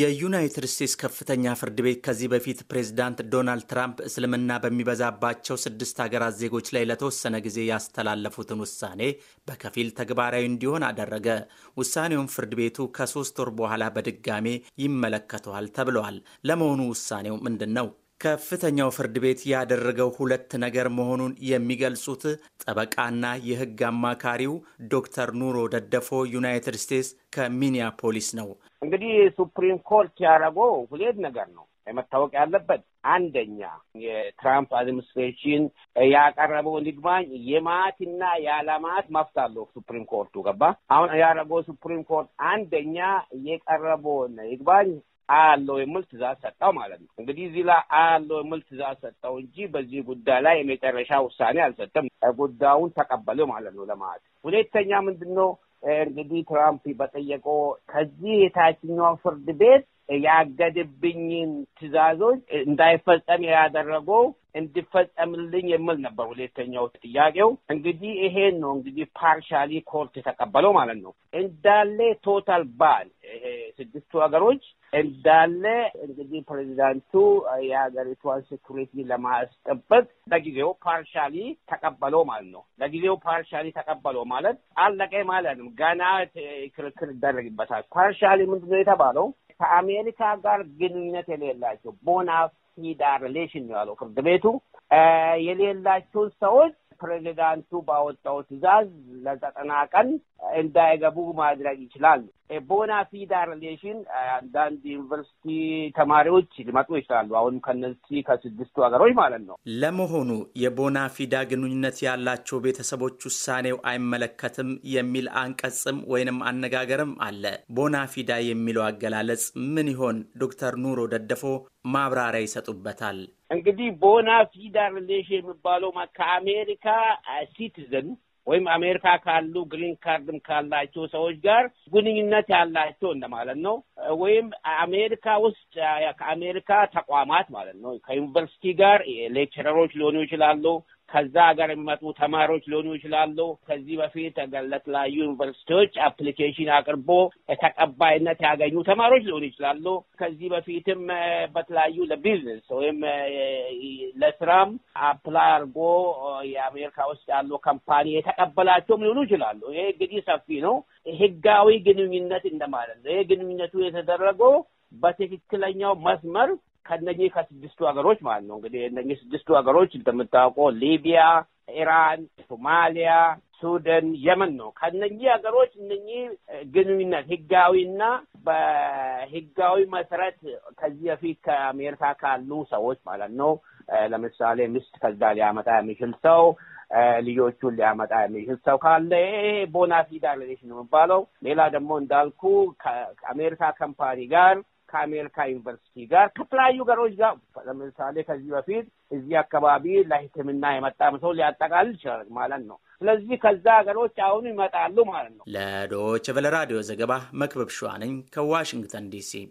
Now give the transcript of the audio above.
የዩናይትድ ስቴትስ ከፍተኛ ፍርድ ቤት ከዚህ በፊት ፕሬዝዳንት ዶናልድ ትራምፕ እስልምና በሚበዛባቸው ስድስት ሀገራት ዜጎች ላይ ለተወሰነ ጊዜ ያስተላለፉትን ውሳኔ በከፊል ተግባራዊ እንዲሆን አደረገ። ውሳኔውን ፍርድ ቤቱ ከሶስት ወር በኋላ በድጋሜ ይመለከተዋል ተብለዋል። ለመሆኑ ውሳኔው ምንድን ነው? ከፍተኛው ፍርድ ቤት ያደረገው ሁለት ነገር መሆኑን የሚገልጹት ጠበቃና የሕግ አማካሪው ዶክተር ኑሮ ደደፎ ዩናይትድ ስቴትስ ከሚኒያፖሊስ ነው። እንግዲህ ሱፕሪም ኮርት ያደረገው ሁለት ነገር ነው መታወቅ ያለበት። አንደኛ የትራምፕ አድሚኒስትሬሽን ያቀረበውን ይግባኝ የማትና ያለማት መብት አለው ሱፕሪም ኮርቱ ገባ። አሁን ያደረገው ሱፕሪም ኮርት አንደኛ የቀረበውን ይግባኝ አያለው የሚል ትእዛዝ ሰጠው ማለት ነው። እንግዲህ እዚህ ላይ አያለው የሚል ትእዛዝ ሰጠው እንጂ በዚህ ጉዳይ ላይ የመጨረሻ ውሳኔ አልሰጠም። ጉዳዩን ተቀበለው ማለት ነው ለማለት ሁለተኛ ምንድን ነው እንግዲህ ትራምፕ በጠየቀው ከዚህ የታችኛው ፍርድ ቤት ያገደብኝን ትእዛዞች እንዳይፈጸም ያደረገው እንዲፈጸምልኝ የሚል ነበር ሁለተኛው ጥያቄው። እንግዲህ ይሄን ነው እንግዲህ ፓርሻሊ ኮርት የተቀበለው ማለት ነው። እንዳለ ቶታል ባል ስድስቱ ሀገሮች እንዳለ እንግዲህ ፕሬዚዳንቱ የሀገሪቷን ሴኩሪቲ ለማስጠበቅ ለጊዜው ፓርሻሊ ተቀበሎ ማለት ነው። ለጊዜው ፓርሻሊ ተቀበሎ ማለት አለቀ ማለት ነው። ገና ክርክር ይደረግበታል። ፓርሻሊ ምንድነው የተባለው? ከአሜሪካ ጋር ግንኙነት የሌላቸው ቦናፊዳ ሪሌሽን ነው ያለው ፍርድ ቤቱ የሌላቸውን ሰዎች ፕሬዚዳንቱ ባወጣው ትዕዛዝ ለዘጠና ቀን እንዳይገቡ ማድረግ ይችላል። ቦና ፊዳ ሪሌሽን አንዳንድ ዩኒቨርሲቲ ተማሪዎች ሊመጡ ይችላሉ። አሁን ከነዚህ ከስድስቱ ሀገሮች ማለት ነው። ለመሆኑ የቦና ፊዳ ግንኙነት ያላቸው ቤተሰቦች ውሳኔው አይመለከትም የሚል አንቀጽም ወይንም አነጋገርም አለ። ቦና ፊዳ የሚለው አገላለጽ ምን ይሆን? ዶክተር ኑሮ ደደፎ ማብራሪያ ይሰጡበታል። እንግዲህ ቦናፊዳ ሪሌሽን የሚባለው ከአሜሪካ ሲቲዝን uh, ወይም አሜሪካ ካሉ ግሪን ካርድም ካላቸው ሰዎች ጋር ግንኙነት ያላቸው እንደማለት ነው። uh, ወይም አሜሪካ ውስጥ uh, ከአሜሪካ ተቋማት ማለት ነው ከዩኒቨርሲቲ ጋር ሌክቸረሮች ሊሆኑ ይችላሉ፣ ከዛ ሀገር የሚመጡ ተማሪዎች ሊሆኑ ይችላሉ። ከዚህ በፊት ለተለያዩ ዩኒቨርሲቲዎች አፕሊኬሽን አቅርቦ ተቀባይነት ያገኙ ተማሪዎች ሊሆኑ ይችላሉ። ከዚህ በፊትም በተለያዩ ለቢዝነስ ወይም ለስራም አፕላይ አድርጎ የአሜሪካ ውስጥ ያለው ካምፓኒ የተቀበላቸውም ሊሆኑ ይችላሉ። ይሄ እንግዲህ ሰፊ ነው። ህጋዊ ግንኙነት እንደማለት ነው። ይሄ ግንኙነቱ የተደረገው በትክክለኛው መስመር ከነኚህ ከስድስቱ ሀገሮች ማለት ነው እንግዲህ እነኚህ ስድስቱ ሀገሮች እንደምታውቀው ሊቢያ፣ ኢራን፣ ሶማሊያ፣ ሱደን፣ የመን ነው። ከነኚህ ሀገሮች እነኚህ ግንኙነት ህጋዊና በህጋዊ መሰረት ከዚህ በፊት ከአሜሪካ ካሉ ሰዎች ማለት ነው ለምሳሌ ሚስት ከዛ ሊያመጣ የሚችል ሰው ልጆቹን ሊያመጣ የሚችል ሰው ካለ ይሄ ቦናፊዳ ሪሌሽን ነው የሚባለው። ሌላ ደግሞ እንዳልኩ ከአሜሪካ ካምፓኒ ጋር ከአሜሪካ ዩኒቨርሲቲ ጋር ከተለያዩ ገሮች ጋር ለምሳሌ ከዚህ በፊት እዚህ አካባቢ ለህክምና የመጣም ሰው ሊያጠቃልል ይችላል ማለት ነው። ስለዚህ ከዛ ሀገሮች አሁኑ ይመጣሉ ማለት ነው። ለዶይቼ ቬለ ራዲዮ ዘገባ መክበብ ሸዋ ነኝ ከዋሽንግተን ዲሲ።